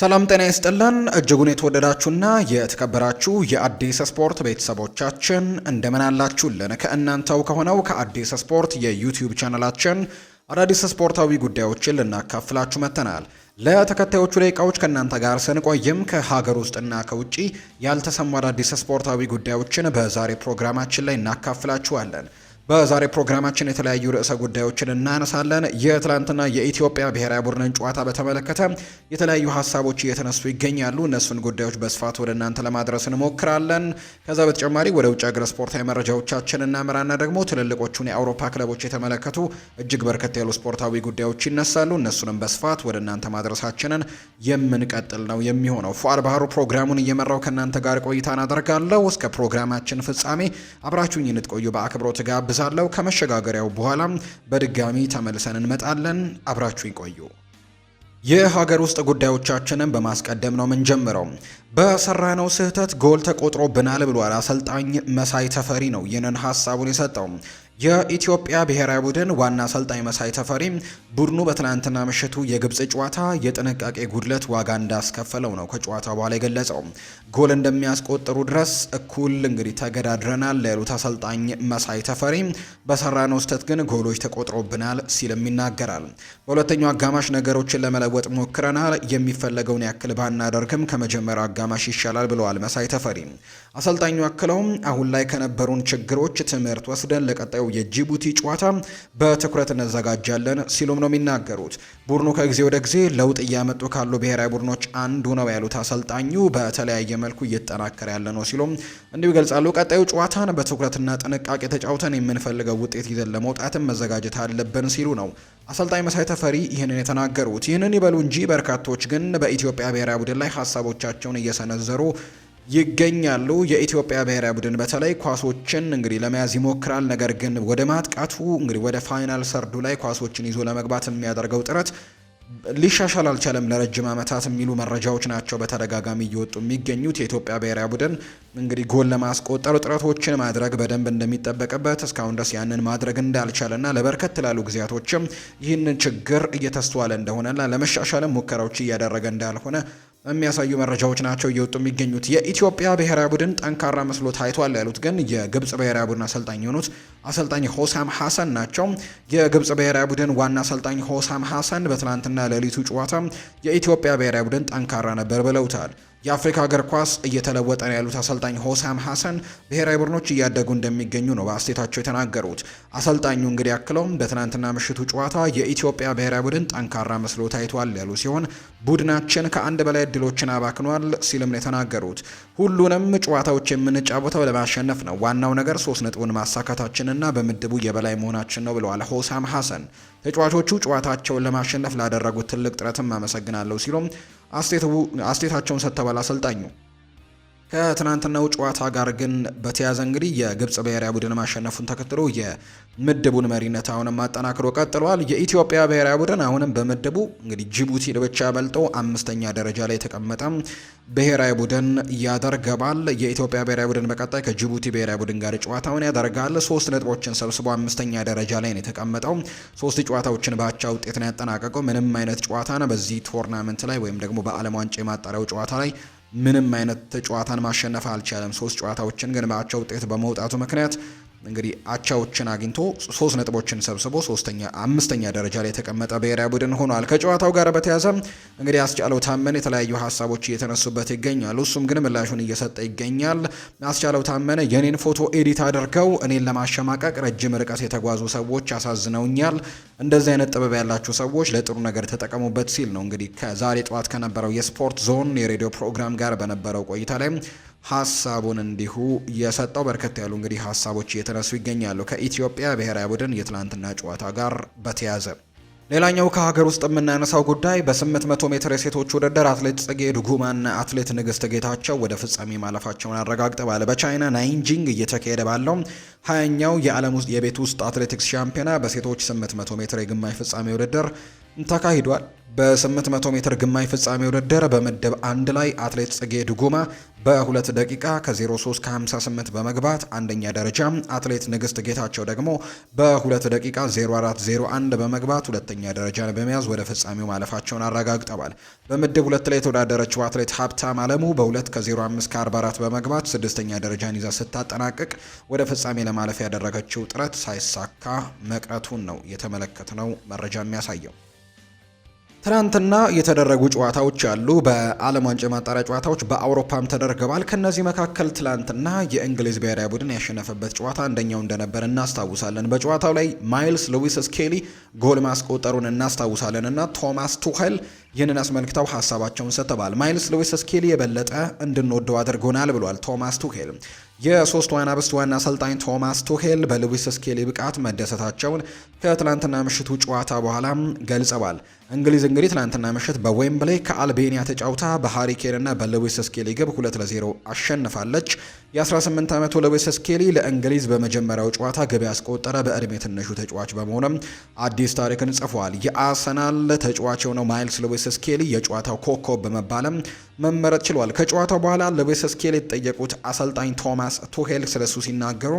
ሰላም ጤና ይስጥልን እጅጉን የተወደዳችሁና የተከበራችሁ የአዲስ ስፖርት ቤተሰቦቻችን እንደምን አላችሁልን? ከእናንተው ከሆነው ከአዲስ ስፖርት የዩቲዩብ ቻናላችን አዳዲስ ስፖርታዊ ጉዳዮችን ልናካፍላችሁ መጥተናል። ለተከታዮቹ ደቂቃዎች ከእናንተ ጋር ስንቆይም ከሀገር ውስጥና ከውጭ ያልተሰሙ አዳዲስ ስፖርታዊ ጉዳዮችን በዛሬ ፕሮግራማችን ላይ እናካፍላችኋለን። በዛሬ ፕሮግራማችን የተለያዩ ርዕሰ ጉዳዮችን እናነሳለን። የትላንትና የኢትዮጵያ ብሔራዊ ቡድንን ጨዋታ በተመለከተ የተለያዩ ሀሳቦች እየተነሱ ይገኛሉ። እነሱን ጉዳዮች በስፋት ወደ እናንተ ለማድረስ እንሞክራለን። ከዛ በተጨማሪ ወደ ውጭ ሀገር ስፖርታዊ መረጃዎቻችን እናመራና ደግሞ ትልልቆቹን የአውሮፓ ክለቦች የተመለከቱ እጅግ በርከት ያሉ ስፖርታዊ ጉዳዮች ይነሳሉ። እነሱንም በስፋት ወደ እናንተ ማድረሳችንን የምንቀጥል ነው የሚሆነው። ፉአድ ባህሩ ፕሮግራሙን እየመራው ከእናንተ ጋር ቆይታን አደርጋለሁ። እስከ ፕሮግራማችን ፍጻሜ አብራችሁኝ እንድትቆዩ በአክብሮት ጋብዝ ጋብዛለሁ። ከመሸጋገሪያው በኋላ በድጋሚ ተመልሰን እንመጣለን። አብራችሁ ይቆዩ። የሀገር ውስጥ ጉዳዮቻችንን በማስቀደም ነው የምንጀምረው። በሰራነው ስህተት ጎል ተቆጥሮብናል ብሏል አሰልጣኝ መሳይ ተፈሪ ነው ይህንን ሀሳቡን የሰጠው። የኢትዮጵያ ብሔራዊ ቡድን ዋና አሰልጣኝ መሳይ ተፈሪ ቡድኑ በትናንትና ምሽቱ የግብፅ ጨዋታ የጥንቃቄ ጉድለት ዋጋ እንዳስከፈለው ነው ከጨዋታ በኋላ የገለጸው። ጎል እንደሚያስቆጥሩ ድረስ እኩል እንግዲህ ተገዳድረናል ያሉት አሰልጣኝ መሳይ ተፈሪ በሰራነው ስህተት ግን ጎሎች ተቆጥሮብናል ሲልም ይናገራል። በሁለተኛው አጋማሽ ነገሮችን ለመለወጥ ሞክረናል። የሚፈለገውን ያክል ባናደርግም ከመጀመሪያው አጋማሽ ይሻላል ብለዋል መሳይ ተፈሪ። አሰልጣኙ አክለውም አሁን ላይ ከነበሩን ችግሮች ትምህርት ወስደን ለቀጣዩ የጅቡቲ ጨዋታ በትኩረት እንዘጋጃለን ሲሉም ነው የሚናገሩት። ቡድኑ ከጊዜ ወደ ጊዜ ለውጥ እያመጡ ካሉ ብሔራዊ ቡድኖች አንዱ ነው ያሉት አሰልጣኙ በተለያየ መልኩ እየተጠናከረ ያለ ነው ሲሉም እንዲሁ ይገልጻሉ። ቀጣዩ ጨዋታን በትኩረትና ጥንቃቄ ተጫውተን የምንፈልገው ውጤት ይዘን ለመውጣትም መዘጋጀት አለብን ሲሉ ነው አሰልጣኝ መሳይ ተፈሪ ይህንን የተናገሩት። ይህንን ይበሉ እንጂ በርካቶች ግን በኢትዮጵያ ብሔራዊ ቡድን ላይ ሀሳቦቻቸውን እየሰነዘሩ ይገኛሉ። የኢትዮጵያ ብሔራዊ ቡድን በተለይ ኳሶችን እንግዲህ ለመያዝ ይሞክራል። ነገር ግን ወደ ማጥቃቱ እንግዲህ ወደ ፋይናል ሰርዱ ላይ ኳሶችን ይዞ ለመግባት የሚያደርገው ጥረት ሊሻሻል አልቻለም ለረጅም ዓመታት የሚሉ መረጃዎች ናቸው በተደጋጋሚ እየወጡ የሚገኙት። የኢትዮጵያ ብሔራዊ ቡድን እንግዲህ ጎል ለማስቆጠር ጥረቶችን ማድረግ በደንብ እንደሚጠበቅበት እስካሁን ድረስ ያንን ማድረግ እንዳልቻለና ለበርከት ላሉ ጊዜያቶችም ይህንን ችግር እየተስተዋለ እንደሆነና ለመሻሻልም ሙከራዎች እያደረገ እንዳልሆነ የሚያሳዩ መረጃዎች ናቸው እየወጡ የሚገኙት። የኢትዮጵያ ብሔራዊ ቡድን ጠንካራ መስሎ ታይቷል ያሉት ግን የግብጽ ብሔራዊ ቡድን አሰልጣኝ የሆኑት አሰልጣኝ ሆሳም ሀሰን ናቸው። የግብጽ ብሔራዊ ቡድን ዋና አሰልጣኝ ሆሳም ሀሰን በትናንትና ሌሊቱ ጨዋታ የኢትዮጵያ ብሔራዊ ቡድን ጠንካራ ነበር ብለውታል። የአፍሪካ እግር ኳስ እየተለወጠ ነው ያሉት አሰልጣኝ ሆሳም ሀሰን ብሔራዊ ቡድኖች እያደጉ እንደሚገኙ ነው በአስቴታቸው የተናገሩት። አሰልጣኙ እንግዲህ ያክለውም በትናንትና ምሽቱ ጨዋታ የኢትዮጵያ ብሔራዊ ቡድን ጠንካራ መስሎ ታይቷል ያሉ ሲሆን ቡድናችን ከአንድ በላይ እድሎችን አባክኗል ሲልም ነው የተናገሩት። ሁሉንም ጨዋታዎች የምንጫወተው ለማሸነፍ ነው። ዋናው ነገር ሶስት ነጥቡን ማሳካታችንና በምድቡ የበላይ መሆናችን ነው ብለዋል ሆሳም ሀሰን። ተጫዋቾቹ ጨዋታቸውን ለማሸነፍ ላደረጉት ትልቅ ጥረትም አመሰግናለሁ ሲሉም አስቴታቸውን ሰጥተዋል አሰልጣኙ። ከትናንትናው ጨዋታ ጋር ግን በተያያዘ እንግዲህ የግብጽ ብሔራዊ ቡድን ማሸነፉን ተከትሎ የምድቡን መሪነት አሁንም አጠናክሮ ቀጥሏል። የኢትዮጵያ ብሔራዊ ቡድን አሁንም በምድቡ እንግዲህ ጅቡቲ ብቻ በልጦ አምስተኛ ደረጃ ላይ የተቀመጠ ብሔራዊ ቡድን ያደርገባል። የኢትዮጵያ ብሔራዊ ቡድን በቀጣይ ከጅቡቲ ብሔራዊ ቡድን ጋር ጨዋታውን ያደርጋል። ሶስት ነጥቦችን ሰብስቦ አምስተኛ ደረጃ ላይ ነው የተቀመጠው። ሶስት ጨዋታዎችን በአቻ ውጤት ነው ያጠናቀቀው። ምንም አይነት ጨዋታ በዚህ ቶርናመንት ላይ ወይም ደግሞ በዓለም ዋንጫ የማጣሪያው ጨዋታ ላይ ምንም አይነት ጨዋታን ማሸነፍ አልቻለም። ሶስት ጨዋታዎችን ግን በአቻ ውጤት በመውጣቱ ምክንያት እንግዲህ አቻዎችን አግኝቶ ሶስት ነጥቦችን ሰብስቦ ሶስተኛ አምስተኛ ደረጃ ላይ የተቀመጠ ብሔራዊ ቡድን ሆኗል። ከጨዋታው ጋር በተያያዘ እንግዲህ አስቻለው ታመነ የተለያዩ ሀሳቦች እየተነሱበት ይገኛሉ። እሱም ግን ምላሹን እየሰጠ ይገኛል። አስቻለው ታመነ የኔን ፎቶ ኤዲት አድርገው እኔን ለማሸማቀቅ ረጅም ርቀት የተጓዙ ሰዎች አሳዝነውኛል። እንደዚህ አይነት ጥበብ ያላችሁ ሰዎች ለጥሩ ነገር ተጠቀሙበት ሲል ነው እንግዲህ ከዛሬ ጠዋት ከነበረው የስፖርት ዞን የሬዲዮ ፕሮግራም ጋር በነበረው ቆይታ ላይ ሀሳቡን እንዲሁ የሰጠው በርከት ያሉ እንግዲህ ሀሳቦች እየተነሱ ይገኛሉ ከኢትዮጵያ ብሔራዊ ቡድን የትላንትና ጨዋታ ጋር በተያያዘ። ሌላኛው ከሀገር ውስጥ የምናነሳው ጉዳይ በ800 ሜትር የሴቶች ውድድር አትሌት ጽጌ ድጉማና አትሌት ንግስት ጌታቸው ወደ ፍጻሜ ማለፋቸውን አረጋግጠዋል። በቻይና ናይንጂንግ እየተካሄደ ባለው ሀያኛው የዓለም የቤት ውስጥ አትሌቲክስ ሻምፒዮና በሴቶች 800 ሜትር የግማሽ ፍጻሜ ውድድር ተካሂዷል። በ800 ሜትር ግማሽ ፍጻሜ ውድድር በምድብ አንድ ላይ አትሌት ጽጌ ድጉማ በ2 ደቂቃ ከ03 ከ58 በመግባት አንደኛ ደረጃ፣ አትሌት ንግስት ጌታቸው ደግሞ በ2 ደቂቃ 0401 በመግባት ሁለተኛ ደረጃን በመያዝ ወደ ፍጻሜው ማለፋቸውን አረጋግጠዋል። በምድብ ሁለት ላይ የተወዳደረችው አትሌት ሀብታም አለሙ በ2 ከ05 ከ44 በመግባት ስድስተኛ ደረጃን ይዛ ስታጠናቅቅ ወደ ፍጻሜ ለማለፍ ያደረገችው ጥረት ሳይሳካ መቅረቱን ነው የተመለከትነው መረጃ የሚያሳየው። ትናንትና የተደረጉ ጨዋታዎች አሉ። በዓለም ዋንጫ ማጣሪያ ጨዋታዎች በአውሮፓም ተደርገዋል። ከእነዚህ መካከል ትናንትና የእንግሊዝ ብሔራዊ ቡድን ያሸነፈበት ጨዋታ አንደኛው እንደነበር እናስታውሳለን። በጨዋታው ላይ ማይልስ ሉዊስ ስኬሊ ጎል ማስቆጠሩን እናስታውሳለን እና ቶማስ ቱኸል ይህንን አስመልክተው ሀሳባቸውን ሰጥተዋል። ማይልስ ሉዊስ ስኬሊ የበለጠ እንድንወደው አድርጎናል ብሏል ቶማስ ቱሄል። ዋና ብስት ዋና አሰልጣኝ ቶማስ ቱሄል በሉዊስ ስኬሊ ብቃት መደሰታቸውን ከትላንትና ምሽቱ ጨዋታ በኋላ ገልጸዋል። እንግሊዝ እንግዲህ ትላንትና ምሽት በዌምብሌ ከአልቤኒያ ተጫውታ በሃሪኬንና በሉዊስ ስኬሊ ግብ ሁለት ለዜሮ አሸንፋለች። የ18 ዓመቱ ሉዊስ ስኬሊ ለእንግሊዝ በመጀመሪያው ጨዋታ ግብ ያስቆጠረ በእድሜ ትንሹ ተጫዋች በመሆኑም አዲስ ታሪክን ጽፏል። የአርሰናል ተጫዋች የሆነው ማይልስ ሉዊስ ሉዊስ ስኬሊ የጨዋታው ኮከብ በመባልም መመረጥ ችሏል። ከጨዋታው በኋላ ሉዊስ ስኬሊ የተጠየቁት አሰልጣኝ ቶማስ ቱሄል ስለሱ ሲናገሩ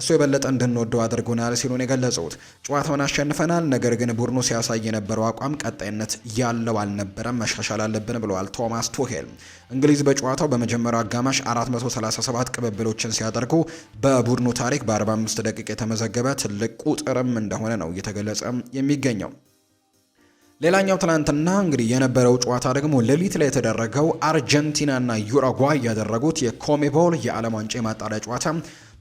እሱ የበለጠ እንድንወደው አድርጎናል ሲሉ ነው የገለጹት። ጨዋታውን አሸንፈናል፣ ነገር ግን ቡድኑ ሲያሳይ የነበረው አቋም ቀጣይነት ያለው አልነበረም፣ መሻሻል አለብን ብለዋል ቶማስ ቱሄል። እንግሊዝ በጨዋታው በመጀመሪያው አጋማሽ 437 ቅብብሎችን ሲያደርጉ በቡድኑ ታሪክ በ45 ደቂቃ የተመዘገበ ትልቅ ቁጥርም እንደሆነ ነው እየተገለጸ የሚገኘው። ሌላኛው ትናንትና እንግዲህ የነበረው ጨዋታ ደግሞ ሌሊት ላይ የተደረገው አርጀንቲናና ዩሩጓይ ያደረጉት የኮሜቦል የዓለም ዋንጫ የማጣሪያ ጨዋታ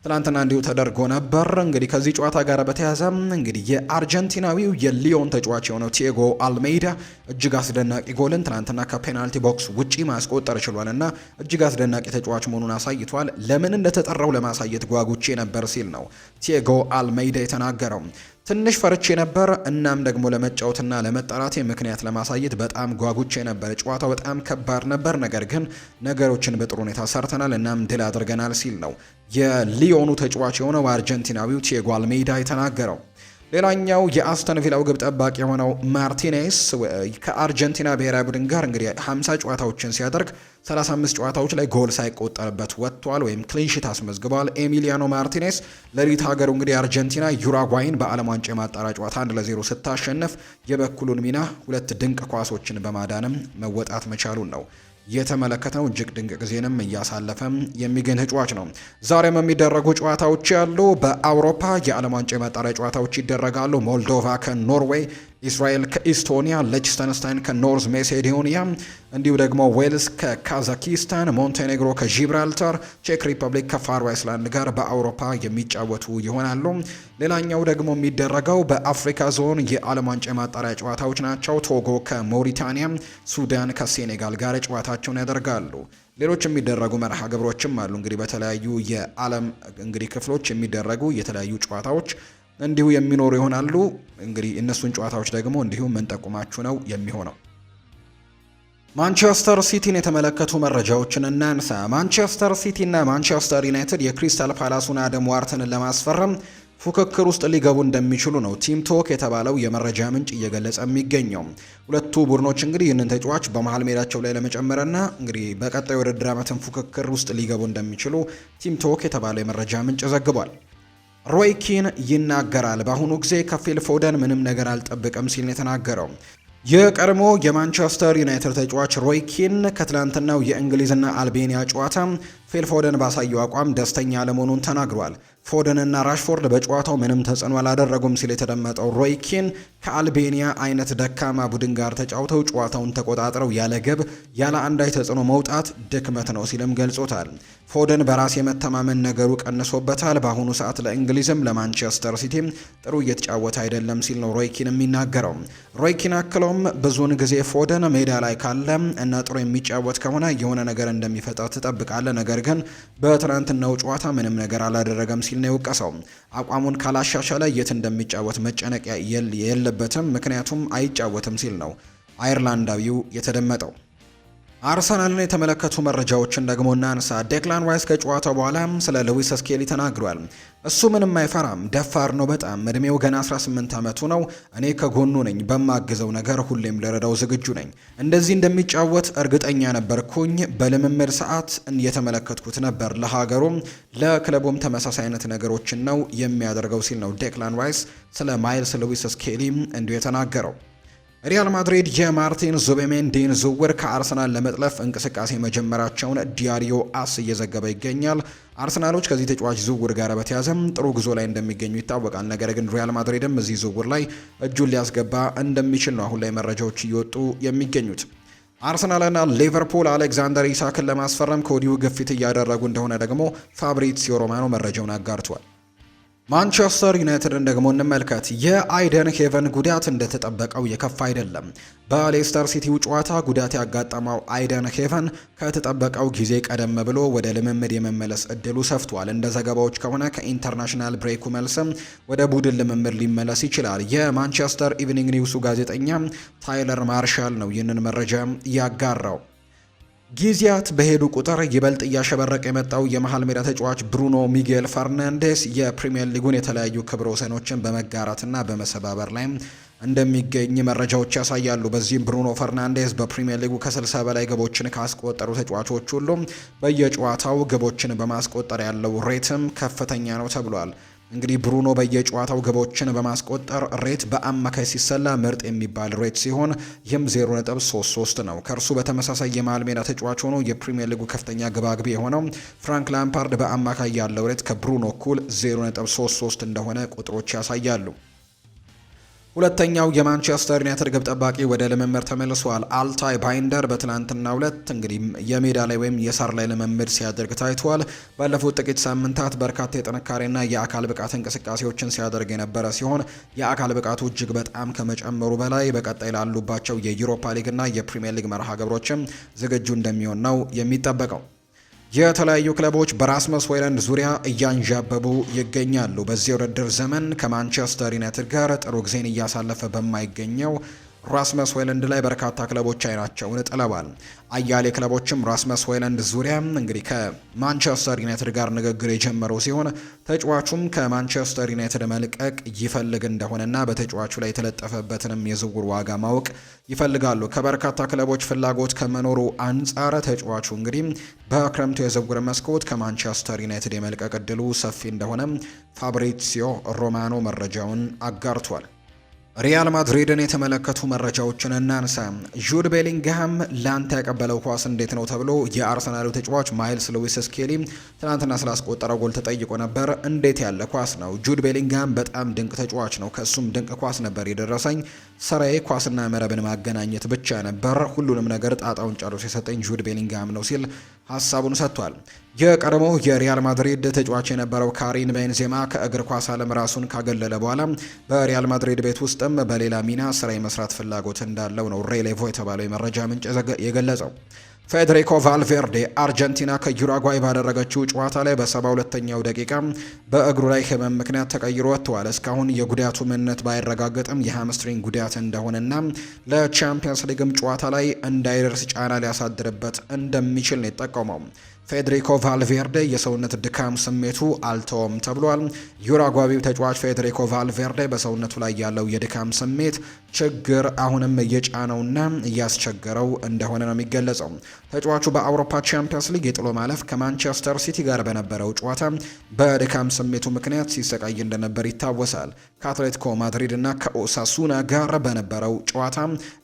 ትናንትና እንዲሁ ተደርጎ ነበር። እንግዲህ ከዚህ ጨዋታ ጋር በተያያዘ እንግዲህ የአርጀንቲናዊው የሊዮን ተጫዋች የሆነው ቲያጎ አልሜይዳ እጅግ አስደናቂ ጎልን ትላንትና ከፔናልቲ ቦክስ ውጪ ማስቆጠር ችሏል እና እጅግ አስደናቂ ተጫዋች መሆኑን አሳይቷል። ለምን እንደተጠራው ለማሳየት ጓጉቼ ነበር ሲል ነው ቲያጎ አልሜይዳ የተናገረው። ትንሽ ፈርቼ ነበር። እናም ደግሞ ለመጫወትና ለመጠራቴ ምክንያት ለማሳየት በጣም ጓጉቼ ነበር። ጨዋታው በጣም ከባድ ነበር፣ ነገር ግን ነገሮችን በጥሩ ሁኔታ ሰርተናል፣ እናም ድል አድርገናል ሲል ነው የሊዮኑ ተጫዋች የሆነው አርጀንቲናዊው ቲያጎ አልሜዳ የተናገረው። ሌላኛው የአስተን ቪላው ግብ ጠባቂ የሆነው ማርቲኔስ ከአርጀንቲና ብሔራዊ ቡድን ጋር እንግዲህ 50 ጨዋታዎችን ሲያደርግ 35 ጨዋታዎች ላይ ጎል ሳይቆጠርበት ወጥቷል ወይም ክሊንሺት አስመዝግቧል። ኤሚሊያኖ ማርቲኔስ ለሪት ሀገሩ እንግዲህ አርጀንቲና ዩራጓይን በዓለም ዋንጫ የማጣሪያ ጨዋታ 1 ለ0 ስታሸነፍ የበኩሉን ሚና ሁለት ድንቅ ኳሶችን በማዳንም መወጣት መቻሉን ነው የተመለከተው እጅግ ድንቅ ጊዜንም እያሳለፈ የሚገኝ ተጫዋች ነው። ዛሬም የሚደረጉ ጨዋታዎች ያሉ በአውሮፓ የዓለም ዋንጫ የማጣሪያ ጨዋታዎች ይደረጋሉ። ሞልዶቫ ከኖርዌይ፣ ኢስራኤል ከኢስቶኒያ፣ ሌችተንስታይን ከኖርዝ ሜሴዶኒያ፣ እንዲሁ ደግሞ ዌልስ ከካዛኪስታን፣ ሞንቴኔግሮ ከጂብራልታር፣ ቼክ ሪፐብሊክ ከፋሮ አይስላንድ ጋር በአውሮፓ የሚጫወቱ ይሆናሉ። ሌላኛው ደግሞ የሚደረገው በአፍሪካ ዞን የዓለም ዋንጫ የማጣሪያ ጨዋታዎች ናቸው። ቶጎ ከሞሪታኒያ፣ ሱዳን ከሴኔጋል ጋር ጨዋታቸውን ያደርጋሉ። ሌሎች የሚደረጉ መርሃ ግብሮችም አሉ። እንግዲህ በተለያዩ የዓለም እንግዲህ ክፍሎች የሚደረጉ የተለያዩ ጨዋታዎች እንዲሁ የሚኖሩ ይሆናሉ። እንግዲህ እነሱን ጨዋታዎች ደግሞ እንዲሁ ምንጠቁማችሁ ነው የሚሆነው። ማንቸስተር ሲቲን የተመለከቱ መረጃዎችን እናንሳ። ማንቸስተር ሲቲ እና ማንቸስተር ዩናይትድ የክሪስታል ፓላሱን አደም ዋርተንን ለማስፈረም ፉክክር ውስጥ ሊገቡ እንደሚችሉ ነው ቲም ቶክ የተባለው የመረጃ ምንጭ እየገለጸ የሚገኘው። ሁለቱ ቡድኖች እንግዲህ ይህንን ተጫዋች በመሀል ሜዳቸው ላይ ለመጨመርና እንግዲህ በቀጣይ ውድድር ዓመትን ፉክክር ውስጥ ሊገቡ እንደሚችሉ ቲም ቶክ የተባለው የመረጃ ምንጭ ዘግቧል። ሮይኪን ይናገራል። በአሁኑ ጊዜ ከፊል ፎደን ምንም ነገር አልጠብቅም ሲል ነው የተናገረው። የቀድሞ የማንቸስተር ዩናይትድ ተጫዋች ሮይኪን ከትላንትናው የእንግሊዝና አልቤኒያ ጨዋታ ፊል ፎደን ባሳየው አቋም ደስተኛ ለመሆኑን ተናግሯል። ፎደንና ራሽፎርድ በጨዋታው ምንም ተጽዕኖ አላደረጉም ሲል የተደመጠው ሮይኪን ከአልቤኒያ አይነት ደካማ ቡድን ጋር ተጫውተው ጨዋታውን ተቆጣጥረው ያለ ግብ ያለ አንዳች ተጽዕኖ መውጣት ድክመት ነው ሲልም ገልጾታል። ፎደን በራስ የመተማመን ነገሩ ቀንሶበታል። በአሁኑ ሰዓት ለእንግሊዝም ለማንቸስተር ሲቲም ጥሩ እየተጫወተ አይደለም ሲል ነው ሮይኪን የሚናገረው። ሮይኪን አክለውም ብዙውን ጊዜ ፎደን ሜዳ ላይ ካለ እና ጥሩ የሚጫወት ከሆነ የሆነ ነገር እንደሚፈጠር ትጠብቃለ፣ ነገር ግን በትናንትናው ጨዋታ ምንም ነገር አላደረገም ሲል ነው የወቀሰው። አቋሙን ካላሻሻለ የት እንደሚጫወት መጨነቅ የለበትም፣ ምክንያቱም አይጫወትም ሲል ነው አይርላንዳዊው የተደመጠው። አርሰናልን የተመለከቱ መረጃዎችን ደግሞ እናንሳ። ዴክላን ራይስ ከጨዋታው በኋላ ስለ ሉዊስ ስኬሊ ተናግሯል። እሱ ምንም አይፈራም፣ ደፋር ነው በጣም እድሜው ገና 18 ዓመቱ ነው። እኔ ከጎኑ ነኝ፣ በማግዘው ነገር ሁሌም ልረዳው ዝግጁ ነኝ። እንደዚህ እንደሚጫወት እርግጠኛ ነበርኩኝ። በልምምድ ሰዓት እየተመለከትኩት ነበር። ለሀገሩም ለክለቡም ተመሳሳይ አይነት ነገሮችን ነው የሚያደርገው ሲል ነው ዴክላን ራይስ ስለ ማይልስ ሉዊስ ስኬሊ እንዲሁ የተናገረው። ሪያል ማድሪድ የማርቲን ዙቤሜንዲን ዝውውር ከአርሰናል ለመጥለፍ እንቅስቃሴ መጀመራቸውን ዲያሪዮ አስ እየዘገበ ይገኛል። አርሰናሎች ከዚህ ተጫዋች ዝውውር ጋር በተያዘም ጥሩ ጉዞ ላይ እንደሚገኙ ይታወቃል። ነገር ግን ሪያል ማድሪድም እዚህ ዝውውር ላይ እጁን ሊያስገባ እንደሚችል ነው አሁን ላይ መረጃዎች እየወጡ የሚገኙት። አርሰናልና ሊቨርፑል አሌክዛንደር ኢሳክን ለማስፈረም ከወዲሁ ግፊት እያደረጉ እንደሆነ ደግሞ ፋብሪዚዮ ሮማኖ መረጃውን አጋርቷል። ማንቸስተር ዩናይትድን ደግሞ እንመልከት። የአይደን ሄቨን ጉዳት እንደተጠበቀው የከፋ አይደለም። በሌስተር ሲቲው ጨዋታ ጉዳት ያጋጠመው አይደን ሄቨን ከተጠበቀው ጊዜ ቀደም ብሎ ወደ ልምምድ የመመለስ እድሉ ሰፍቷል። እንደ ዘገባዎች ከሆነ ከኢንተርናሽናል ብሬኩ መልስም ወደ ቡድን ልምምድ ሊመለስ ይችላል። የማንቸስተር ኢቭኒንግ ኒውሱ ጋዜጠኛ ታይለር ማርሻል ነው ይህንን መረጃ ያጋራው። ጊዜያት በሄዱ ቁጥር ይበልጥ እያሸበረቀ የመጣው የመሀል ሜዳ ተጫዋች ብሩኖ ሚጌል ፈርናንዴስ የፕሪምየር ሊጉን የተለያዩ ክብረ ወሰኖችን በመጋራትና በመሰባበር ላይ እንደሚገኝ መረጃዎች ያሳያሉ። በዚህም ብሩኖ ፈርናንዴስ በፕሪምየር ሊጉ ከ በላይ ግቦችን ካስቆጠሩ ተጫዋቾች ሁሉ በየጨዋታው ግቦችን በማስቆጠር ያለው ሬትም ከፍተኛ ነው ተብሏል። እንግዲህ ብሩኖ በየጨዋታው ግቦችን በማስቆጠር ሬት በአማካይ ሲሰላ ምርጥ የሚባል ሬት ሲሆን ይህም 0.33 ነው። ከእርሱ በተመሳሳይ የመሃል ሜዳ ተጫዋች ሆኖ የፕሪምየር ሊጉ ከፍተኛ ግባግቢ የሆነው ፍራንክ ላምፓርድ በአማካይ ያለው ሬት ከብሩኖ እኩል 0.33 እንደሆነ ቁጥሮች ያሳያሉ። ሁለተኛው የማንቸስተር ዩናይትድ ግብ ጠባቂ ወደ ልምምድ ተመልሷል። አልታይ ባይንደር በትናንትናው ዕለት እንግዲህ የሜዳ ላይ ወይም የሳር ላይ ልምምድ ሲያደርግ ታይቷል። ባለፉት ጥቂት ሳምንታት በርካታ የጥንካሬና የአካል ብቃት እንቅስቃሴዎችን ሲያደርግ የነበረ ሲሆን የአካል ብቃቱ እጅግ በጣም ከመጨመሩ በላይ በቀጣይ ላሉባቸው የዩሮፓ ሊግና የፕሪምየር ሊግ መርሃ ግብሮችም ዝግጁ እንደሚሆን ነው የሚጠበቀው። የተለያዩ ክለቦች በራስመስ ሆይለንድ ዙሪያ እያንዣበቡ ይገኛሉ። በዚህ ውድድር ዘመን ከማንቸስተር ዩናይትድ ጋር ጥሩ ጊዜን እያሳለፈ በማይገኘው ራስመስ ሆይለንድ ላይ በርካታ ክለቦች አይናቸውን ጥለዋል። አያሌ ክለቦችም ራስመስ ሆይለንድ ዙሪያ እንግዲህ ከማንቸስተር ዩናይትድ ጋር ንግግር የጀመሩ ሲሆን ተጫዋቹም ከማንቸስተር ዩናይትድ መልቀቅ ይፈልግ እንደሆነና በተጫዋቹ ላይ የተለጠፈበትንም የዝውውር ዋጋ ማወቅ ይፈልጋሉ። ከበርካታ ክለቦች ፍላጎት ከመኖሩ አንጻር ተጫዋቹ እንግዲህ በክረምቱ የዝውውር መስኮት ከማንቸስተር ዩናይትድ የመልቀቅ እድሉ ሰፊ እንደሆነ ፋብሪሲዮ ሮማኖ መረጃውን አጋርቷል። ሪያል ማድሪድን የተመለከቱ መረጃዎችን እናንሳ። ጁድ ቤሊንግሃም ላንተ ያቀበለው ኳስ እንዴት ነው ተብሎ የአርሰናሉ ተጫዋች ማይልስ ሉዊስ ስኬሊ ትናንትና ስላስቆጠረው ጎል ተጠይቆ ነበር። እንዴት ያለ ኳስ ነው! ጁድ ቤሊንግሃም በጣም ድንቅ ተጫዋች ነው። ከሱም ድንቅ ኳስ ነበር የደረሰኝ። ስራዬ ኳስና መረብን ማገናኘት ብቻ ነበር። ሁሉንም ነገር ጣጣውን ጨርሶ የሰጠኝ ጁድ ቤሊንግሃም ነው ሲል ሀሳቡን ሰጥቷል። የቀድሞው የሪያል ማድሪድ ተጫዋች የነበረው ካሪን ቤንዜማ ከእግር ኳስ ዓለም ራሱን ካገለለ በኋላ በሪያል ማድሪድ ቤት ውስጥም በሌላ ሚና ስራ የመስራት ፍላጎት እንዳለው ነው ሬሌቮ የተባለው የመረጃ ምንጭ የገለጸው። ፌዴሪኮ ቫልቬርዴ አርጀንቲና ከዩራጓይ ባደረገችው ጨዋታ ላይ በሰባ ሁለተኛው ደቂቃ በእግሩ ላይ ህመም ምክንያት ተቀይሮ ወጥተዋል። እስካሁን የጉዳቱ ምንነት ባይረጋገጥም የሃምስትሪንግ ጉዳት እንደሆነና ለቻምፒየንስ ሊግም ጨዋታ ላይ እንዳይደርስ ጫና ሊያሳድርበት እንደሚችል ነው የጠቀመው። ፌዴሪኮ ቫልቬርዴ የሰውነት ድካም ስሜቱ አልተወም ተብሏል። ዩራጓዊው ተጫዋች ፌዴሪኮ ቫልቬርዴ በሰውነቱ ላይ ያለው የድካም ስሜት ችግር አሁንም እየጫነውና እያስቸገረው እንደሆነ ነው የሚገለጸው። ተጫዋቹ በአውሮፓ ቻምፒየንስ ሊግ የጥሎ ማለፍ ከማንቸስተር ሲቲ ጋር በነበረው ጨዋታ በድካም ስሜቱ ምክንያት ሲሰቃይ እንደነበር ይታወሳል። ከአትሌቲኮ ማድሪድ እና ከኦሳሱና ጋር በነበረው ጨዋታ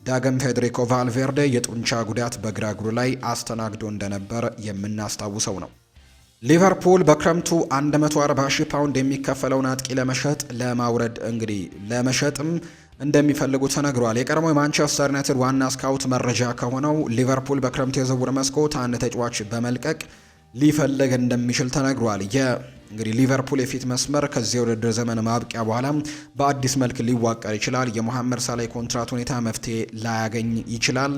ዳግም ፌዴሪኮ ቫልቬርዴ የጡንቻ ጉዳት በግራ እግሩ ላይ አስተናግዶ እንደነበር የምናስታውሰው ነው። ሊቨርፑል በክረምቱ 140 ሺህ ፓውንድ የሚከፈለውን አጥቂ ለመሸጥ ለማውረድ እንግዲህ ለመሸጥም እንደሚፈልጉ ተነግሯል። የቀድሞው የማንቸስተር ዩናይትድ ዋና ስካውት መረጃ ከሆነው ሊቨርፑል በክረምት የዝውውር መስኮት አንድ ተጫዋች በመልቀቅ ሊፈልግ እንደሚችል ተነግሯል። እንግዲህ ሊቨርፑል የፊት መስመር ከዚህ የውድድር ዘመን ማብቂያ በኋላ በአዲስ መልክ ሊዋቀር ይችላል። የሞሐመድ ሳላይ ኮንትራት ሁኔታ መፍትሄ ላያገኝ ይችላል።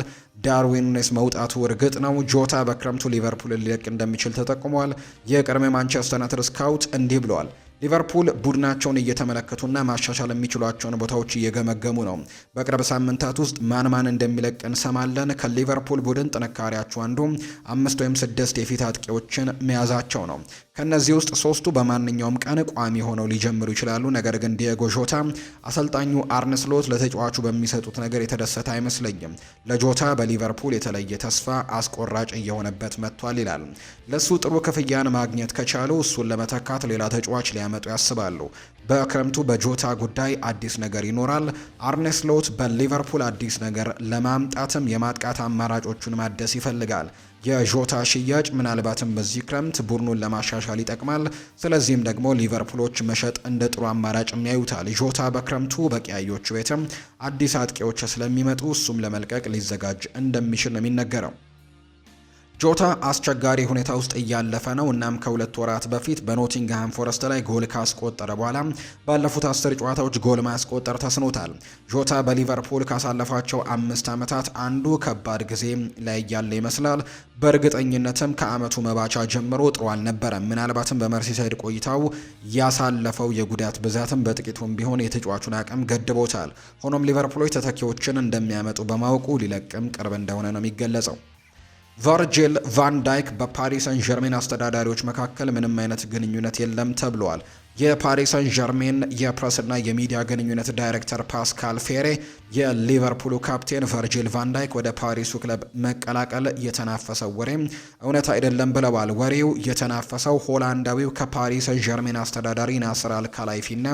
ዳርዊን ኑኔስ መውጣቱ እርግጥ ነው። ጆታ በክረምቱ ሊቨርፑል ሊለቅ እንደሚችል ተጠቁሟል። የቀድሞ ማንቸስተር ዩናይትድ ስካውት እንዲህ ብለዋል። ሊቨርፑል ቡድናቸውን እየተመለከቱና ማሻሻል የሚችሏቸውን ቦታዎች እየገመገሙ ነው። በቅርብ ሳምንታት ውስጥ ማን ማን እንደሚለቅ እንሰማለን። ከሊቨርፑል ቡድን ጥንካሬያቸው አንዱ አምስት ወይም ስድስት የፊት አጥቂዎችን መያዛቸው ነው። ከነዚህ ውስጥ ሶስቱ በማንኛውም ቀን ቋሚ ሆነው ሊጀምሩ ይችላሉ። ነገር ግን ዲየጎ ጆታ አሰልጣኙ አርነስሎት ለተጫዋቹ በሚሰጡት ነገር የተደሰተ አይመስለኝም። ለጆታ በሊቨርፑል የተለየ ተስፋ አስቆራጭ እየሆነበት መጥቷል ይላል። ለሱ ጥሩ ክፍያን ማግኘት ከቻሉ እሱን ለመተካት ሌላ ተጫዋች ሊያመጡ ያስባሉ። በክረምቱ በጆታ ጉዳይ አዲስ ነገር ይኖራል። አርነስሎት በሊቨርፑል አዲስ ነገር ለማምጣትም የማጥቃት አማራጮቹን ማደስ ይፈልጋል። የዦታ ሽያጭ ምናልባትም በዚህ ክረምት ቡድኑን ለማሻሻል ይጠቅማል። ስለዚህም ደግሞ ሊቨርፑሎች መሸጥ እንደ ጥሩ አማራጭ የሚያዩታል። ዦታ በክረምቱ በቀያዮቹ ቤትም አዲስ አጥቂዎች ስለሚመጡ እሱም ለመልቀቅ ሊዘጋጅ እንደሚችል ነው የሚነገረው። ጆታ አስቸጋሪ ሁኔታ ውስጥ እያለፈ ነው። እናም ከሁለት ወራት በፊት በኖቲንግሃም ፎረስት ላይ ጎል ካስቆጠረ በኋላ ባለፉት አስር ጨዋታዎች ጎል ማስቆጠር ተስኖታል። ጆታ በሊቨርፑል ካሳለፋቸው አምስት ዓመታት አንዱ ከባድ ጊዜ ላይ ያለ ይመስላል። በእርግጠኝነትም ከዓመቱ መባቻ ጀምሮ ጥሩ አልነበረም። ምናልባትም በመርሲሳይድ ቆይታው ያሳለፈው የጉዳት ብዛትም በጥቂቱም ቢሆን የተጫዋቹን አቅም ገድቦታል። ሆኖም ሊቨርፑሎች ተተኪዎችን እንደሚያመጡ በማወቁ ሊለቅም ቅርብ እንደሆነ ነው የሚገለጸው። ቨርጅል ቫን ዳይክ በፓሪስ ሰን ዠርሜን አስተዳዳሪዎች መካከል ምንም አይነት ግንኙነት የለም ተብሏል። የፓሪስ ሰን ዠርሜን የፕረስና የሚዲያ ግንኙነት ዳይሬክተር ፓስካል ፌሬ የሊቨርፑሉ ካፕቴን ቨርጂል ቫን ዳይክ ወደ ፓሪሱ ክለብ መቀላቀል የተናፈሰው ወሬም እውነት አይደለም ብለዋል። ወሬው የተናፈሰው ሆላንዳዊው ከፓሪስ ሰን ዠርሜን አስተዳዳሪ ናስር አልካላይፊና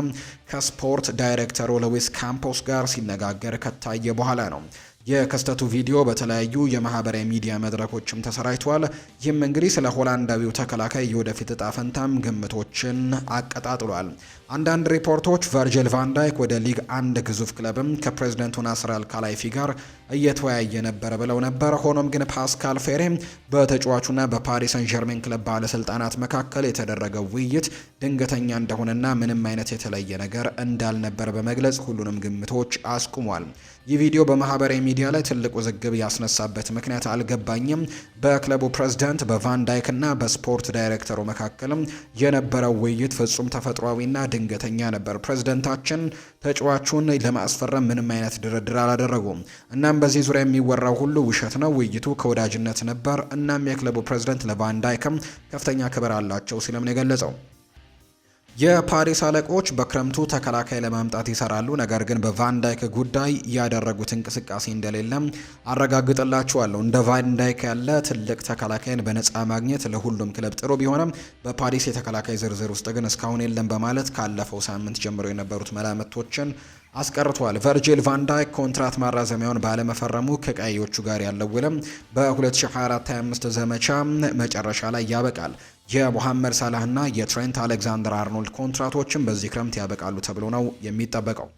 ከስፖርት ዳይሬክተሩ ሉዊስ ካምፖስ ጋር ሲነጋገር ከታየ በኋላ ነው። የክስተቱ ቪዲዮ በተለያዩ የማህበራዊ ሚዲያ መድረኮችም ተሰራጭቷል። ይህም እንግዲህ ስለ ሆላንዳዊው ተከላካይ የወደፊት እጣ ፈንታም ግምቶችን አቀጣጥሏል። አንዳንድ ሪፖርቶች ቨርጅል ቫንዳይክ ወደ ሊግ አንድ ግዙፍ ክለብም ከፕሬዚደንቱ ናስር ካላይፊ ጋር እየተወያየ ነበር ብለው ነበር። ሆኖም ግን ፓስካል ፌሬ በተጫዋቹና በፓሪስ ሰን ክለብ ባለስልጣናት መካከል የተደረገው ውይይት ድንገተኛ እንደሆነና ምንም አይነት የተለየ ነገር እንዳልነበር በመግለጽ ሁሉንም ግምቶች አስቁሟል። ይህ ቪዲዮ በማህበራዊ ሚዲያ ላይ ትልቅ ውዝግብ ያስነሳበት ምክንያት አልገባኝም። በክለቡ ፕሬዝዳንት በቫን ዳይክ እና በስፖርት ዳይሬክተሩ መካከልም የነበረው ውይይት ፍጹም ተፈጥሯዊና ድንገተኛ ነበር። ፕሬዝደንታችን ተጫዋቹን ለማስፈረም ምንም አይነት ድርድር አላደረጉም። እናም በዚህ ዙሪያ የሚወራው ሁሉ ውሸት ነው። ውይይቱ ከወዳጅነት ነበር። እናም የክለቡ ፕሬዝደንት ለቫን ዳይክም ከፍተኛ ክብር አላቸው ሲልም ነው የገለጸው። የፓሪስ አለቆች በክረምቱ ተከላካይ ለማምጣት ይሰራሉ፣ ነገር ግን በቫንዳይክ ጉዳይ ያደረጉት እንቅስቃሴ እንደሌለም አረጋግጥላችኋለሁ። እንደ ቫንዳይክ ያለ ትልቅ ተከላካይን በነፃ ማግኘት ለሁሉም ክለብ ጥሩ ቢሆንም በፓሪስ የተከላካይ ዝርዝር ውስጥ ግን እስካሁን የለም በማለት ካለፈው ሳምንት ጀምሮ የነበሩት መላምቶችን አስቀርቷል። ቨርጂል ቫንዳይክ ኮንትራት ማራዘሚያውን ባለመፈረሙ ከቀያዮቹ ጋር ያለው ውልም በ2024/25 ዘመቻ መጨረሻ ላይ ያበቃል። የሞሐመድ ሳላህና የትሬንት አሌክዛንደር አርኖልድ ኮንትራቶችም በዚህ ክረምት ያበቃሉ ተብሎ ነው የሚጠበቀው።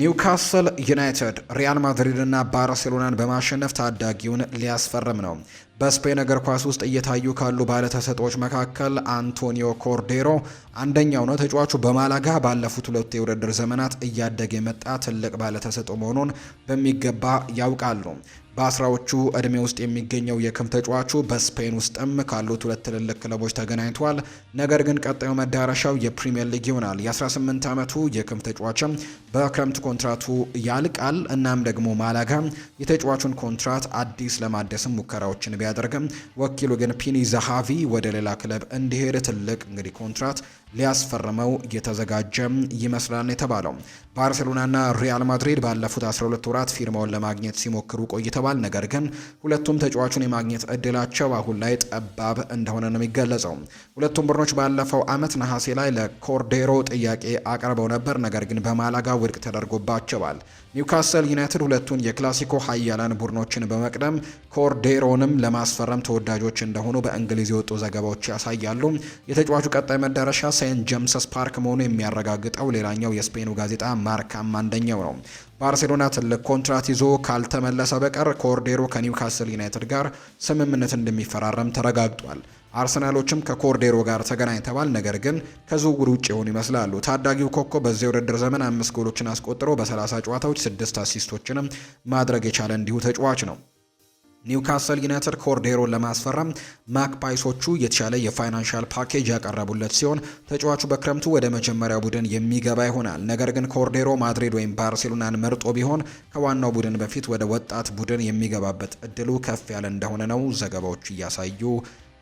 ኒውካስል ዩናይትድ ሪያል ማድሪድና ባርሴሎናን በማሸነፍ ታዳጊውን ሊያስፈርም ነው። በስፔን እግር ኳስ ውስጥ እየታዩ ካሉ ባለተሰጦች መካከል አንቶኒዮ ኮርዴሮ አንደኛው ነው። ተጫዋቹ በማላጋ ባለፉት ሁለት የውድድር ዘመናት እያደገ የመጣ ትልቅ ባለተሰጦ መሆኑን በሚገባ ያውቃሉ። በአስራዎቹ እድሜ ውስጥ የሚገኘው የክም ተጫዋቹ በስፔን ውስጥም ካሉት ሁለት ትልልቅ ክለቦች ተገናኝቷል። ነገር ግን ቀጣዩ መዳረሻው የፕሪምየር ሊግ ይሆናል። የ18 ዓመቱ የክም ተጫዋችም በክረምት ኮንትራቱ ያልቃል። እናም ደግሞ ማላጋ የተጫዋቹን ኮንትራት አዲስ ለማደስም ሙከራዎችን ቢያደርግም ወኪሉ ግን ፒኒ ዛሃቪ ወደ ሌላ ክለብ እንዲሄድ ትልቅ እንግዲህ ኮንትራት ሊያስፈርመው እየተዘጋጀም ይመስላል የተባለው። ባርሴሎናና ሪያል ማድሪድ ባለፉት 12 ወራት ፊርማውን ለማግኘት ሲሞክሩ ቆይተዋል። ነገር ግን ሁለቱም ተጫዋቹን የማግኘት እድላቸው አሁን ላይ ጠባብ እንደሆነ ነው የሚገለጸው። ሁለቱም ቡድኖች ባለፈው ዓመት ነሐሴ ላይ ለኮርዴሮ ጥያቄ አቅርበው ነበር፣ ነገር ግን በማላጋ ውድቅ ተደርጎባቸዋል። ኒውካስል ዩናይትድ ሁለቱን የክላሲኮ ሀያላን ቡድኖችን በመቅደም ኮርዴሮንም ለማስፈረም ተወዳጆች እንደሆኑ በእንግሊዝ የወጡ ዘገባዎች ያሳያሉ። የተጫዋቹ ቀጣይ መዳረሻ ሴንት ጄምስስ ፓርክ መሆኑ የሚያረጋግጠው ሌላኛው የስፔኑ ጋዜጣ ማርካም አንደኛው ነው። ባርሴሎና ትልቅ ኮንትራት ይዞ ካልተመለሰ በቀር ኮርዴሮ ከኒውካስል ዩናይትድ ጋር ስምምነት እንደሚፈራረም ተረጋግጧል። አርሰናሎችም ከኮርዴሮ ጋር ተገናኝተዋል። ነገር ግን ከዝውውር ውጭ የሆኑ ይመስላሉ። ታዳጊው ኮከብ በዚህ የውድድር ዘመን አምስት ጎሎችን አስቆጥሮ በ30 ጨዋታዎች ስድስት አሲስቶችንም ማድረግ የቻለ እንዲሁ ተጫዋች ነው። ኒውካስል ዩናይትድ ኮርዴሮን ለማስፈረም ማክፓይሶቹ የተሻለ የፋይናንሻል ፓኬጅ ያቀረቡለት ሲሆን ተጫዋቹ በክረምቱ ወደ መጀመሪያው ቡድን የሚገባ ይሆናል። ነገር ግን ኮርዴሮ ማድሪድ ወይም ባርሴሎናን መርጦ ቢሆን ከዋናው ቡድን በፊት ወደ ወጣት ቡድን የሚገባበት እድሉ ከፍ ያለ እንደሆነ ነው ዘገባዎች እያሳዩ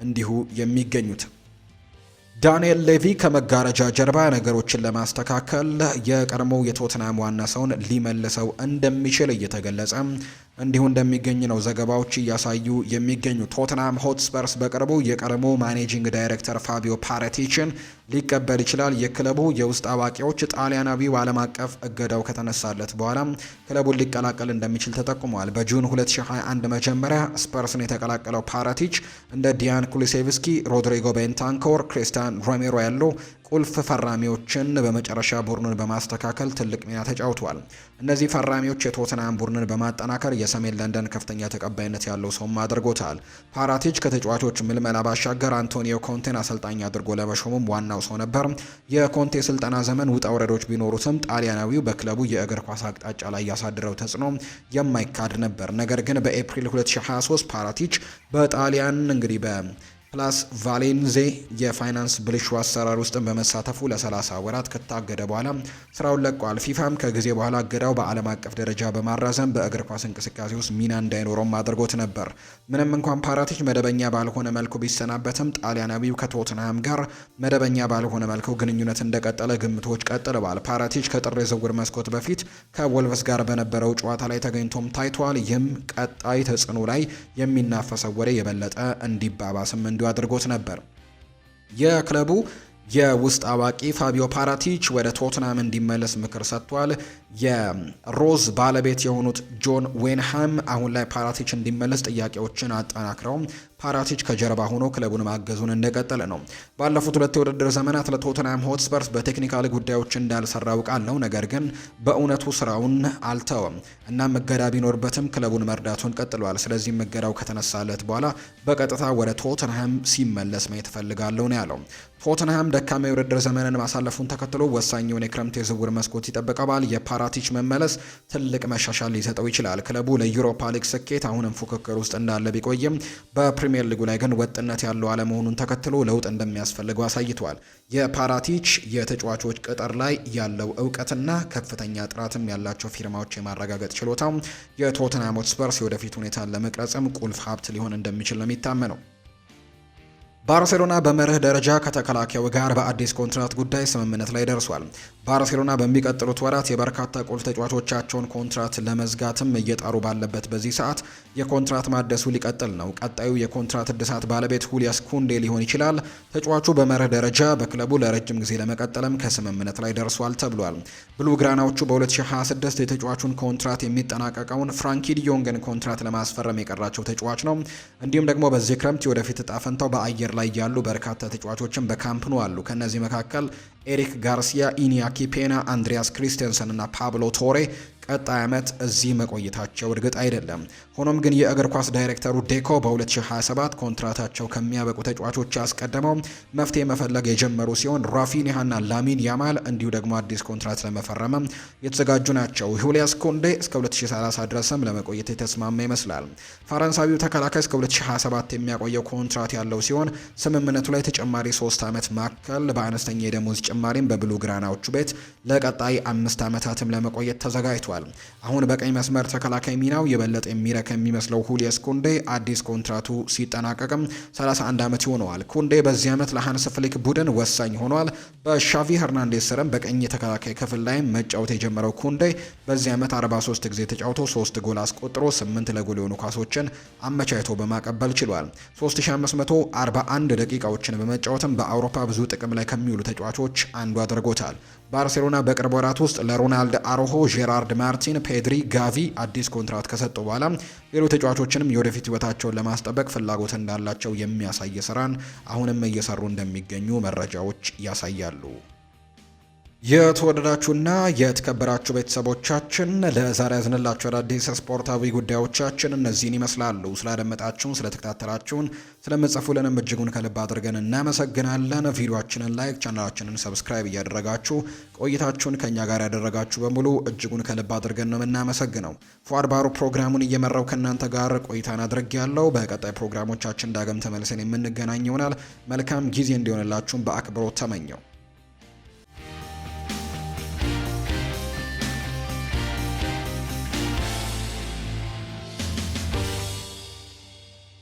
እንዲሁ የሚገኙት። ዳንኤል ሌቪ ከመጋረጃ ጀርባ ነገሮችን ለማስተካከል የቀድሞው የቶትናም ዋና ሰውን ሊመልሰው እንደሚችል እየተገለጸ እንዲሁ እንደሚገኝ ነው ዘገባዎች እያሳዩ የሚገኙ። ቶትናም ሆትስፐርስ በቅርቡ የቀድሞ ማኔጂንግ ዳይሬክተር ፋቢዮ ፓረቲችን ሊቀበል ይችላል። የክለቡ የውስጥ አዋቂዎች ጣሊያናዊው ዓለም አቀፍ እገዳው ከተነሳለት በኋላ ክለቡን ሊቀላቀል እንደሚችል ተጠቁመዋል። በጁን 2021 መጀመሪያ ስፐርስን የተቀላቀለው ፓረቲች እንደ ዲያን ኩሊሴቭስኪ፣ ሮድሪጎ ቤንታንኮር፣ ክሪስቲያን ሮሜሮ ያሉ ቁልፍ ፈራሚዎችን በመጨረሻ ቡድኑን በማስተካከል ትልቅ ሚና ተጫውተዋል። እነዚህ ፈራሚዎች የቶትናም ቡድንን በማጠናከር የሰሜን ለንደን ከፍተኛ ተቀባይነት ያለው ሰውም አድርጎታል። ፓራቲች ከተጫዋቾች ምልመላ ባሻገር አንቶኒዮ ኮንቴን አሰልጣኝ አድርጎ ለመሾሙም ዋናው ሰው ነበር። የኮንቴ ስልጠና ዘመን ውጣ ውረዶች ቢኖሩትም ጣሊያናዊው በክለቡ የእግር ኳስ አቅጣጫ ላይ ያሳድረው ተጽዕኖ የማይካድ ነበር። ነገር ግን በኤፕሪል 2023 ፓራቲች በጣሊያን እንግዲህ በ ፕላስ ቫሌንዜ የፋይናንስ ብልሹ አሰራር ውስጥን በመሳተፉ ለ30 ወራት ከታገደ በኋላ ስራውን ለቋል። ፊፋም ከጊዜ በኋላ እገዳው በዓለም አቀፍ ደረጃ በማራዘም በእግር ኳስ እንቅስቃሴ ውስጥ ሚና እንዳይኖረውም አድርጎት ነበር። ምንም እንኳን ፓራቲች መደበኛ ባልሆነ መልኩ ቢሰናበትም ጣሊያናዊው ከቶትንሃም ጋር መደበኛ ባልሆነ መልኩ ግንኙነት እንደቀጠለ ግምቶች ቀጥለዋል። ፓራቲች ከጥር ዝውውር መስኮት በፊት ከወልቨስ ጋር በነበረው ጨዋታ ላይ ተገኝቶም ታይቷል። ይህም ቀጣይ ተጽዕኖ ላይ የሚናፈሰው ወሬ የበለጠ እንዲባባስም እንዲሁ አድርጎት ነበር። የክለቡ የውስጥ አዋቂ ፋቢዮ ፓራቲች ወደ ቶትናም እንዲመለስ ምክር ሰጥቷል። የሮዝ ባለቤት የሆኑት ጆን ዌንሃም አሁን ላይ ፓራቲች እንዲመለስ ጥያቄዎችን አጠናክረው ፓራቲች ከጀርባ ሆኖ ክለቡን ማገዙን እንደቀጠለ ነው። ባለፉት ሁለት የውድድር ዘመናት ለቶተንሃም ሆትስፐርስ በቴክኒካል ጉዳዮች እንዳልሰራ አውቃለሁ፣ ነገር ግን በእውነቱ ስራውን አልተወም እና እገዳ ቢኖርበትም ክለቡን መርዳቱን ቀጥሏል። ስለዚህ እገዳው ከተነሳለት በኋላ በቀጥታ ወደ ቶተንሃም ሲመለስ ማየት እፈልጋለሁ ነው ያለው። ቶተንሃም ደካማ የውድድር ዘመንን ማሳለፉን ተከትሎ ወሳኝ የሆነ የክረምት የዝውውር መስኮት የፓ ለካራቲች መመለስ ትልቅ መሻሻል ሊሰጠው ይችላል። ክለቡ ለዩሮፓ ሊግ ስኬት አሁንም ፉክክር ውስጥ እንዳለ ቢቆይም በፕሪምየር ሊጉ ላይ ግን ወጥነት ያለው አለመሆኑን ተከትሎ ለውጥ እንደሚያስፈልገው አሳይቷል። የፓራቲች የተጫዋቾች ቅጥር ላይ ያለው እውቀትና ከፍተኛ ጥራትም ያላቸው ፊርማዎች የማረጋገጥ ችሎታው የቶተንሃም ሆትስፐርስ የወደፊት ሁኔታን ለመቅረጽም ቁልፍ ሀብት ሊሆን እንደሚችል ነው የሚታመነው። ባርሴሎና በመርህ ደረጃ ከተከላካዩ ጋር በአዲስ ኮንትራት ጉዳይ ስምምነት ላይ ደርሷል። ባርሴሎና በሚቀጥሉት ወራት የበርካታ ቁልፍ ተጫዋቾቻቸውን ኮንትራት ለመዝጋትም እየጣሩ ባለበት በዚህ ሰዓት የኮንትራት ማደሱ ሊቀጥል ነው። ቀጣዩ የኮንትራት እድሳት ባለቤት ሁሊያስ ኩንዴ ሊሆን ይችላል። ተጫዋቹ በመርህ ደረጃ በክለቡ ለረጅም ጊዜ ለመቀጠልም ከስምምነት ላይ ደርሷል ተብሏል። ብሉ ግራናዎቹ በ2026 የተጫዋቹን ኮንትራት የሚጠናቀቀውን ፍራንኪ ዲዮንግን ኮንትራት ለማስፈረም የቀራቸው ተጫዋች ነው። እንዲሁም ደግሞ በዚህ ክረምት የወደፊት እጣ ፈንታው በአየር ላይ ያሉ በርካታ ተጫዋቾችም በካምፕ ነው አሉ። ከእነዚህ መካከል ኤሪክ ጋርሲያ፣ ኢኒያኪ ፔና፣ አንድሪያስ ክሪስቴንሰን እና ፓብሎ ቶሬ ቀጣይ ዓመት እዚህ መቆየታቸው እርግጥ አይደለም። ሆኖም ግን የእግር ኳስ ዳይሬክተሩ ዴኮ በ2027 ኮንትራታቸው ከሚያበቁ ተጫዋቾች አስቀድመው መፍትሄ መፈለግ የጀመሩ ሲሆን ራፊኒሃና ላሚን ያማል እንዲሁ ደግሞ አዲስ ኮንትራት ለመፈረመም የተዘጋጁ ናቸው። ሁሊያስ ኮንዴ እስከ 2030 ድረስም ለመቆየት የተስማማ ይመስላል። ፈረንሳዊው ተከላካይ እስከ 2027 የሚያቆየው ኮንትራት ያለው ሲሆን ስምምነቱ ላይ ተጨማሪ ሶስት ዓመት ማካከል በአነስተኛ የደሞዝ ጭማሪም በብሉ ግራናዎቹ ቤት ለቀጣይ አምስት ዓመታትም ለመቆየት ተዘጋጅቷል። ተሰጥቷል። አሁን በቀኝ መስመር ተከላካይ ሚናው የበለጠ የሚረክ የሚመስለው ሁሊየስ ኩንዴ አዲስ ኮንትራቱ ሲጠናቀቅም 31 ዓመት ይሆነዋል። ኩንዴ በዚህ ዓመት ለሃንስ ፍሊክ ቡድን ወሳኝ ሆኗል። በሻቪ ሄርናንዴስ ስርም በቀኝ የተከላካይ ክፍል ላይ መጫወት የጀመረው ኩንዴ በዚህ ዓመት 43 ጊዜ ተጫውቶ 3 ጎል አስቆጥሮ 8 ለጎል የሆኑ ኳሶችን አመቻይቶ በማቀበል ችሏል። 3541 ደቂቃዎችን በመጫወትም በአውሮፓ ብዙ ጥቅም ላይ ከሚውሉ ተጫዋቾች አንዱ አድርጎታል። ባርሴሎና በቅርብ ወራት ውስጥ ለሮናልድ አሮሆ፣ ጄራርድ ማርቲን፣ ፔድሪ፣ ጋቪ አዲስ ኮንትራት ከሰጡ በኋላ ሌሎች ተጫዋቾችንም የወደፊት ህይወታቸውን ለማስጠበቅ ፍላጎት እንዳላቸው የሚያሳይ ስራን አሁንም እየሰሩ እንደሚገኙ መረጃዎች ያሳያሉ። የተወደዳችሁና የተከበራችሁ ቤተሰቦቻችን ለዛሬ ያዝንላችሁ አዳዲስ ስፖርታዊ ጉዳዮቻችን እነዚህን ይመስላሉ። ስላደመጣችሁን፣ ስለተከታተላችሁን፣ ስለምጽፉልንም እጅጉን ከልብ አድርገን እናመሰግናለን። ቪዲዮችንን ላይክ፣ ቻናላችንን ሰብስክራይብ እያደረጋችሁ ቆይታችሁን ከእኛ ጋር ያደረጋችሁ በሙሉ እጅጉን ከልብ አድርገን ነው የምናመሰግነው። ፏድ ባሩ ፕሮግራሙን እየመራው ከእናንተ ጋር ቆይታን አድርግ ያለው በቀጣይ ፕሮግራሞቻችን ዳግም ተመልሰን የምንገናኝ ይሆናል። መልካም ጊዜ እንዲሆንላችሁን በአክብሮት ተመኘው።